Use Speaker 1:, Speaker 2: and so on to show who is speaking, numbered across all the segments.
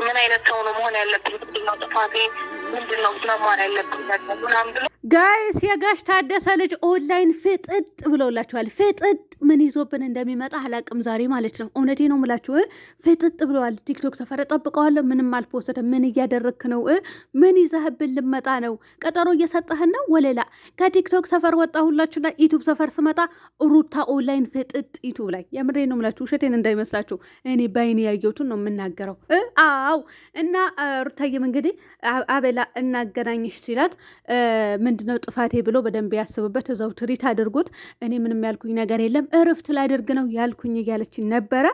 Speaker 1: ምን አይነት ሰው ነው መሆን ያለብኝ? ምንድነው ጥፋቴ? ምንድነው ስለማር ያለብኝ ነገር ምናምን ብሎ ጋይስ የጋሽ ታደሰ ልጅ ኦንላይን ፍጥጥ ብለውላችኋል። ፍጥጥ ምን ይዞብን እንደሚመጣ አላቅም ዛሬ ማለት ነው። እውነቴ ነው ምላችሁ ፍጥጥ ብለዋል። ቲክቶክ ሰፈር ጠብቀዋለሁ። ምንም አልፖሰደ። ምን እያደረግክ ነው? ምን ይዘህብን ልመጣ ነው? ቀጠሮ እየሰጠህን ነው? ወሌላ ከቲክቶክ ሰፈር ወጣ ዩቱብ ሰፈር ስመጣ ሩታ ኦንላይን ፍጥጥ ዩቱብ ላይ የምሬ ነው ምላችሁ፣ ውሸቴን እንዳይመስላችሁ። እኔ በአይኔ ያየሁትን ነው የምናገረው። አው እና ሩታዬም እንግዲህ አቤላ እናገናኝሽ ሲላት ነው ጥፋቴ ብሎ በደንብ ያስብበት። እዛው ትሪት አድርጉት። እኔ ምንም ያልኩኝ ነገር የለም እረፍት ላደርግ ነው ያልኩኝ እያለች ነበረ።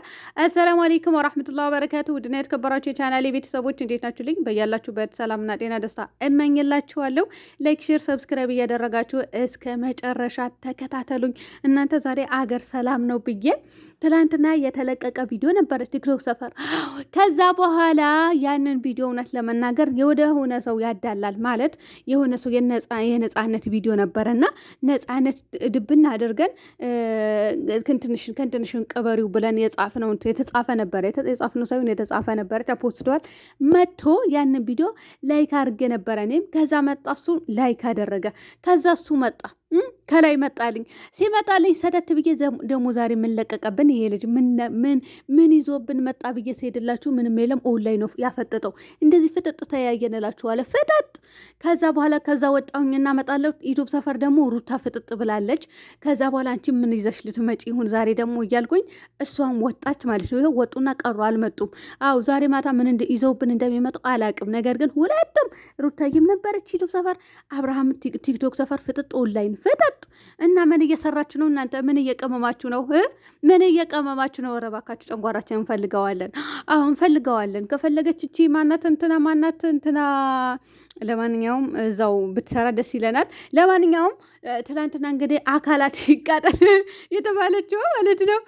Speaker 1: አሰላሙ አሌይኩም ወራህመቱላ ወበረካቱ። ውድና የተከበራችሁ የቻናሌ ቤተሰቦች እንዴት ናችሁ? ልኝ በያላችሁበት ሰላምና ጤና ደስታ እመኝላችኋለሁ። ላይክ፣ ሼር፣ ሰብስክራይብ እያደረጋችሁ እስከ መጨረሻ ተከታተሉኝ። እናንተ ዛሬ አገር ሰላም ነው ብዬ ትላንትና የተለቀቀ ቪዲዮ ነበረ ቲክቶክ ሰፈር። ከዛ በኋላ ያንን ቪዲዮ እውነት ለመናገር የወደ ሆነ ሰው ያዳላል ማለት የሆነ ሰው የነፃነት ቪዲዮ ነበረና ነፃነት ድብና አድርገን ከንትንሽን ቅበሪው ብለን የጻፍነው የተጻፈ ነበረ የጻፍነው ሳይሆን የተጻፈ ነበረ ተፖስተዋል። መጥቶ ያንን ቪዲዮ ላይክ አድርጌ ነበረ እኔም። ከዛ መጣ እሱ ላይክ አደረገ። ከዛ እሱ መጣ ከላይ መጣልኝ ሲመጣልኝ ሰደት ብዬ ደግሞ ዛሬ ምን ለቀቀብን ይሄ ልጅ ምን ምን ይዞብን መጣ ብዬ ስሄድላችሁ ምንም የለም። ኦንላይን ነው ያፈጠጠው። እንደዚህ ፍጥጥ ተያየን አለ ፍጥጥ ከዛ በኋላ ከዛ ወጣሁኝ እና መጣለሁ። ኢትዮብ ሰፈር ደግሞ ሩታ ፍጥጥ ብላለች። ከዛ በኋላ አንቺ ምን ይዘሽ ልትመጪ ይሁን ዛሬ ደግሞ እያልኩኝ እሷም ወጣች ማለት ነው። ይኸው ወጡና ቀሩ አልመጡም። አዎ ዛሬ ማታ ምን ይዘውብን እንደሚመጡ አላቅም። ነገር ግን ሁለቱም ሩታዬም ነበረች ኢትዮብ ሰፈር፣ አብርሃም ቲክቶክ ሰፈር ፍጥጥ ኦንላይን ፍጠጥ እና ምን እየሰራችሁ ነው እናንተ? ምን እየቀመማችሁ ነው? ምን እየቀመማችሁ ነው? ረባካችሁ ጨንጓራችን እንፈልገዋለን። አሁን እንፈልገዋለን። ከፈለገች እቺ ማናት እንትና ማናት እንትና ለማንኛውም እዛው ብትሰራ ደስ ይለናል። ለማንኛውም ትላንትና እንግዲህ አካላት ይቃጠል የተባለችው ማለት ነው።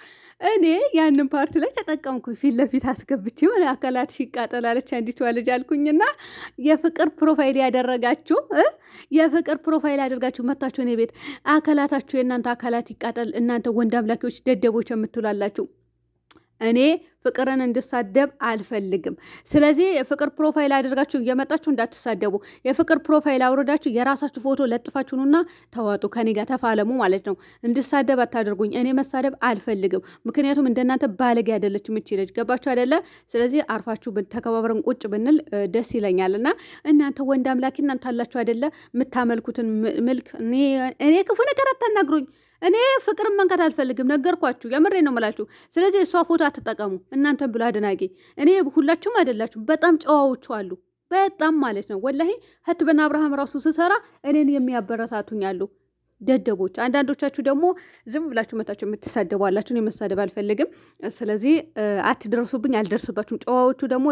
Speaker 1: እኔ ያንን ፓርቱ ላይ ተጠቀምኩኝ፣ ፊት ለፊት አስገብቼ አካላት ይቃጠል አለች አንዲቷ ልጅ አልኩኝና የፍቅር ፕሮፋይል ያደረጋችሁ የፍቅር ፕሮፋይል ያደርጋችሁ መታችሁ እኔ ቤት አካላታችሁ የእናንተ አካላት ይቃጠል እናንተ ወንድ አምላኪዎች ደደቦች የምትውላላችሁ እኔ ፍቅርን እንድሳደብ አልፈልግም። ስለዚህ የፍቅር ፕሮፋይል አድርጋችሁ እየመጣችሁ እንዳትሳደቡ። የፍቅር ፕሮፋይል አውረዳችሁ የራሳችሁ ፎቶ ለጥፋችሁኑና ተዋጡ፣ ከኔ ጋር ተፋለሙ ማለት ነው። እንድሳደብ አታደርጉኝ። እኔ መሳደብ አልፈልግም። ምክንያቱም እንደናንተ ባለጌ አይደለች ምችለች። ገባችሁ አይደለ? ስለዚህ አርፋችሁ ተከባብረን ቁጭ ብንል ደስ ይለኛል። እና እናንተ ወንድ አምላኪ እናንተ አላችሁ አይደለ? የምታመልኩትን ምልክ እኔ ክፉ ነገር አታናግሩኝ። እኔ ፍቅርን መንካት አልፈልግም፣ ነገርኳችሁ። የምሬ ነው የምላችሁ። ስለዚህ እሷ ፎቶ አትጠቀሙ እናንተን ብሎ አደናጌ። እኔ ሁላችሁም አይደላችሁ፣ በጣም ጨዋዎቹ አሉ፣ በጣም ማለት ነው። ወላሂ ህትብና አብርሃም ራሱ ስሰራ እኔን የሚያበረታቱኝ አሉ ደደቦች። አንዳንዶቻችሁ ደግሞ ዝም ብላችሁ መታችሁ የምትሳደቧላችሁ። እኔ መሳደብ አልፈልግም፣ ስለዚህ አትደርሱብኝ፣ አልደርስባችሁም። ጨዋዎቹ ደግሞ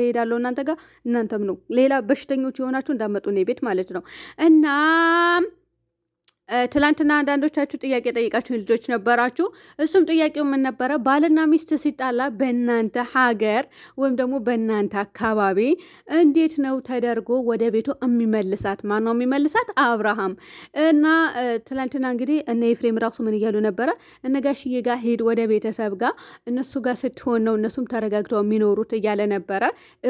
Speaker 1: እሄዳለሁ እናንተ ጋር፣ እናንተም ነው ሌላ በሽተኞች የሆናችሁ እንዳመጡ እኔ ቤት ማለት ነው እና ትላንትና አንዳንዶቻችሁ ጥያቄ ጠይቃችሁ ልጆች ነበራችሁ። እሱም ጥያቄው ምን ነበረ? ባልና ሚስት ሲጣላ በእናንተ ሀገር ወይም ደግሞ በእናንተ አካባቢ እንዴት ነው ተደርጎ ወደ ቤቱ የሚመልሳት? ማን ነው የሚመልሳት? አብርሃም እና ትላንትና እንግዲህ እነ ኤፍሬም ራሱ ምን እያሉ ነበረ? እነ ጋሽዬ ጋር ሂድ፣ ወደ ቤተሰብ ጋር እነሱ ጋር ስትሆን ነው እነሱም ተረጋግተው የሚኖሩት እያለ ነበረ።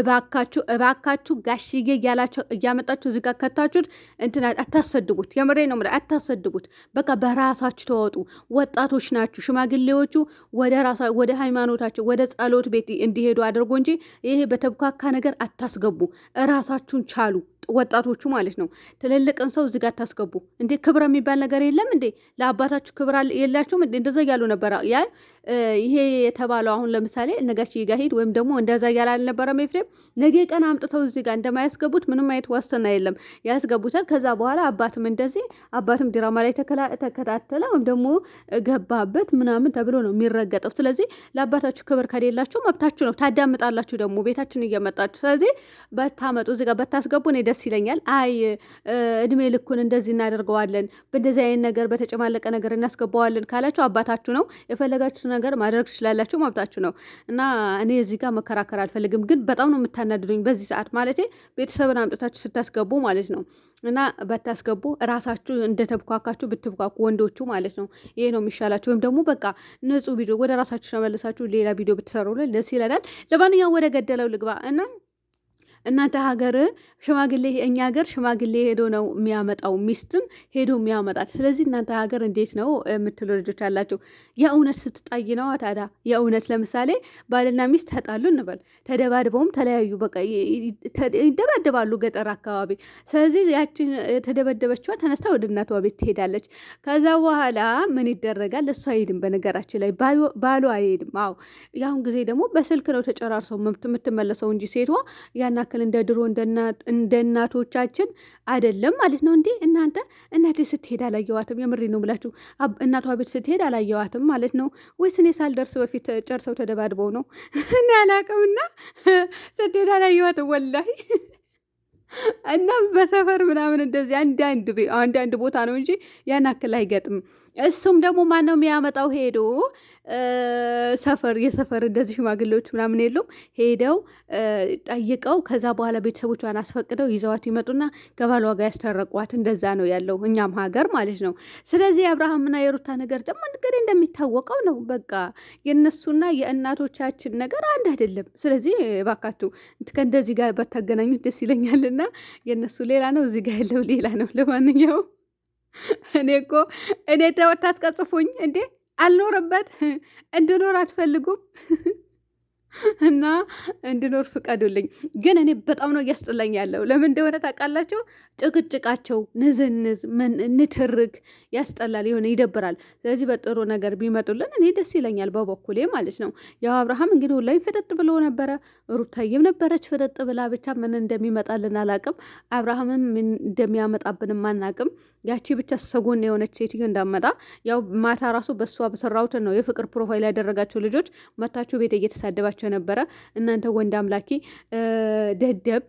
Speaker 1: እባካችሁ እባካችሁ ጋሽዬ እያላቸው እያመጣችሁ እዚህ ጋር ከታችሁት እንትን አታሰድቡት። የምሬ ነው የምልህ አታሰ የምታሰድቡት? በቃ በራሳችሁ ተወጡ። ወጣቶች ናችሁ። ሽማግሌዎቹ ወደ ራሳ ወደ ሃይማኖታቸው ወደ ጸሎት ቤት እንዲሄዱ አድርጎ እንጂ ይሄ በተብኳካ ነገር አታስገቡ። እራሳችሁን ቻሉ። ወጣቶቹ ማለት ነው። ትልልቅን ሰው እዚጋ ጋር ታስገቡ እንዴ? ክብር የሚባል ነገር የለም እንዴ? ለአባታችሁ ክብር የላችሁም? እንደዛ እያሉ ነበር። ያ ይሄ የተባለው አሁን ለምሳሌ ነጋሽዬ ይጋሂድ ወይም ደግሞ እንደዛ እያለ አልነበረም ኤፍሬም። ነገ ቀን አምጥተው እዚጋ እንደማያስገቡት ምንም አይነት ዋስትና የለም። ያስገቡታል። ከዛ በኋላ አባትም እንደዚህ አባትም ድራማ ላይ ተከታተለ ወይም ደግሞ ገባበት ምናምን ተብሎ ነው የሚረገጠው። ስለዚህ ለአባታችሁ ክብር ከሌላችሁ መብታችሁ ነው። ታዳምጣላችሁ ደግሞ ቤታችን እየመጣችሁ ስለዚህ በታመጡ እዚጋ በታስገቡ እኔ ደስ ደስ ይለኛል። አይ እድሜ ልኩን እንደዚህ እናደርገዋለን፣ በእንደዚህ አይነት ነገር በተጨማለቀ ነገር እናስገባዋለን ካላችሁ አባታችሁ ነው። የፈለጋችሁ ነገር ማድረግ ትችላላችሁ፣ መብታችሁ ነው እና እኔ እዚህ ጋር መከራከር አልፈልግም። ግን በጣም ነው የምታናድዱኝ በዚህ ሰዓት ማለት ቤተሰብን አምጥታችሁ ስታስገቡ ማለት ነው እና በታስገቡ ራሳችሁ እንደተብኳካችሁ ብትብኳኩ ወንዶቹ ማለት ነው ይሄ ነው የሚሻላችሁ። ወይም ደግሞ በቃ ንጹህ ቪዲዮ ወደ ራሳችሁ ተመልሳችሁ ሌላ ቪዲዮ ብትሰሩ ደስ ይለናል። ለማንኛውም ወደ ገደለው ልግባ እና እናንተ ሀገር ሽማግሌ እኛ ሀገር ሽማግሌ ሄዶ ነው የሚያመጣው፣ ሚስትም ሄዶ የሚያመጣት ስለዚህ እናንተ ሀገር እንዴት ነው የምትሉ ልጆች አላቸው። የእውነት ስትጣይ ነው ታዲያ። የእውነት ለምሳሌ ባልና ሚስት ተጣሉ እንበል፣ ተደባድበውም ተለያዩ፣ በቃ ይደባደባሉ ገጠር አካባቢ። ስለዚህ ያችን የተደበደበችዋ ተነስታ ወደ እናቷ ቤት ትሄዳለች። ከዛ በኋላ ምን ይደረጋል? እሱ አይሄድም፣ በነገራችን ላይ ባሉ አይሄድም። አዎ፣ ያሁን ጊዜ ደግሞ በስልክ ነው ተጨራርሰው የምትመለሰው እንጂ ሴቷ ያና መካከል እንደ ድሮ እንደ እናቶቻችን አይደለም ማለት ነው። እንዴ እናንተ እናቴ ስትሄድ አላየዋትም። የምሬ ነው ብላችሁ እናቷ ቤት ስትሄድ አላየዋትም ማለት ነው ወይስ እኔ ሳልደርስ በፊት ጨርሰው ተደባድበው ነው? እኔ አላውቅምና ስትሄድ አላየዋትም ወላሂ እና በሰፈር ምናምን እንደዚህ አንዳንድ አንዳንድ ቦታ ነው እንጂ ያን አክል አይገጥምም። እሱም ደግሞ ማነው የሚያመጣው? ሄዶ ሰፈር የሰፈር እንደዚህ ሽማግሌዎች ምናምን የሉም፣ ሄደው ጠይቀው ከዛ በኋላ ቤተሰቦቿን አስፈቅደው ይዘዋት ይመጡና ከባሏ ጋር ያስተረቋት። እንደዛ ነው ያለው እኛም ሀገር ማለት ነው። ስለዚህ የአብርሃምና የሩታ ነገር ደግሞ ነገር እንደሚታወቀው ነው። በቃ የእነሱና የእናቶቻችን ነገር አንድ አይደለም። ስለዚህ እባካችሁ ከእንደዚህ ጋር በታገናኙት ደስ ይለኛልና እና የእነሱ ሌላ ነው፣ እዚህ ጋር ያለው ሌላ ነው። ለማንኛውም እኔ እኮ እኔ አስቀጽፉኝ እንዴ አልኖርበት እንድኖር አትፈልጉም? እና እንድኖር ፍቀዱልኝ። ግን እኔ በጣም ነው እያስጠላኝ ያለው። ለምን እንደሆነ ታውቃላችሁ? ጭቅጭቃቸው፣ ንዝንዝ፣ ንትርክ ያስጠላል፣ የሆነ ይደብራል። ስለዚህ በጥሩ ነገር ቢመጡልን እኔ ደስ ይለኛል፣ በበኩሌ ማለት ነው። ያው አብርሃም እንግዲህ ሁላይ ፍጥጥ ብሎ ነበረ፣ ሩታይም ነበረች ፍጥጥ ብላ። ብቻ ምን እንደሚመጣልን አላቅም፣ አብርሃምም ምን እንደሚያመጣብንም አናቅም። ያቺ ብቻ ሰጎን የሆነች ሴትዮ እንዳመጣ ያው ማታ ራሱ በእሷ በሰራሁትን ነው የፍቅር ፕሮፋይል ያደረጋቸው ልጆች መታችሁ ቤት እየተሳደባቸው እያላቸው ነበረ። እናንተ ወንድ አምላኪ ደደብ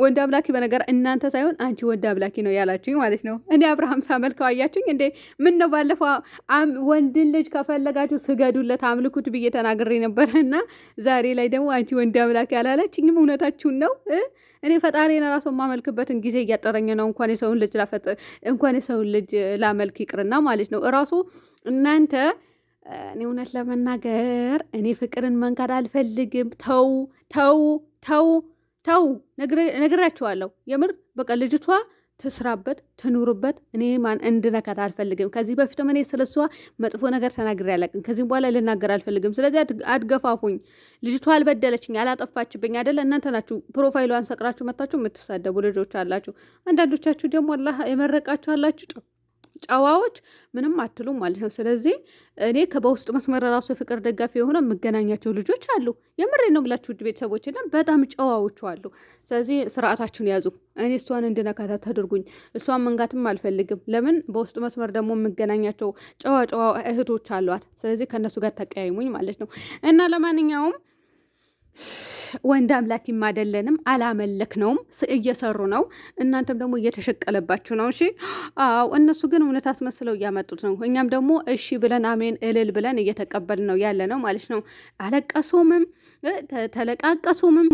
Speaker 1: ወንድ አምላኪ በነገር እናንተ ሳይሆን አንቺ ወንድ አምላኪ ነው ያላችሁኝ ማለት ነው። እኔ አብርሃም ሳመልከው አያችሁኝ እንዴ? ምን ነው ባለፈው ወንድን ልጅ ከፈለጋችሁ ስገዱለት፣ አምልኩት ብዬ ተናግሬ ነበረ እና ዛሬ ላይ ደግሞ አንቺ ወንድ አምላኪ አላለችኝም። እውነታችሁን ነው። እኔ ፈጣሪን ራሱ የማመልክበትን ጊዜ እያጠረኝ ነው። እንኳን የሰውን ልጅ እንኳን የሰውን ልጅ ላመልክ ይቅርና ማለት ነው እራሱ እናንተ እኔ እውነት ለመናገር እኔ ፍቅርን መንካት አልፈልግም። ተው ተው ተው ተው፣ ነግራችኋለሁ። የምር በቃ ልጅቷ ትስራበት ትኑርበት። እኔ ማን እንድነካት አልፈልግም። ከዚህ በፊትም እኔ ስለሷ መጥፎ ነገር ተናግሬ አላውቅም። ከዚህም በኋላ ልናገር አልፈልግም። ስለዚህ አድገፋፉኝ። ልጅቷ አልበደለችኝ፣ አላጠፋችብኝ አይደለ? እናንተ ናችሁ ፕሮፋይሏን ሰቅራችሁ መታችሁ የምትሳደቡ ልጆች አላችሁ። አንዳንዶቻችሁ ደግሞ አላህ የመረቃችሁ አላችሁ። ጨዋዎች ምንም አትሉም ማለት ነው። ስለዚህ እኔ ከበውስጥ መስመር ራሱ የፍቅር ደጋፊ የሆነ የምገናኛቸው ልጆች አሉ። የምሬ ነው ብላችሁ ውድ ቤተሰቦች ና በጣም ጨዋዎቹ አሉ። ስለዚህ ስርዓታችሁን ያዙ። እኔ እሷን እንድነካታ ተደርጉኝ እሷን መንጋትም አልፈልግም። ለምን በውስጥ መስመር ደግሞ የምገናኛቸው ጨዋ ጨዋ እህቶች አሏት። ስለዚህ ከእነሱ ጋር ተቀያይሙኝ ማለት ነው እና ለማንኛውም ወንድ አምላኪም አይደለንም፣ አላመለክ ነውም እየሰሩ ነው። እናንተም ደግሞ እየተሸቀለባችሁ ነው። እሺ አዎ፣ እነሱ ግን እውነት አስመስለው እያመጡት ነው። እኛም ደግሞ እሺ ብለን አሜን እልል ብለን እየተቀበል ነው ያለ ነው ማለት ነው። አለቀሱምም፣ ተለቃቀሱምም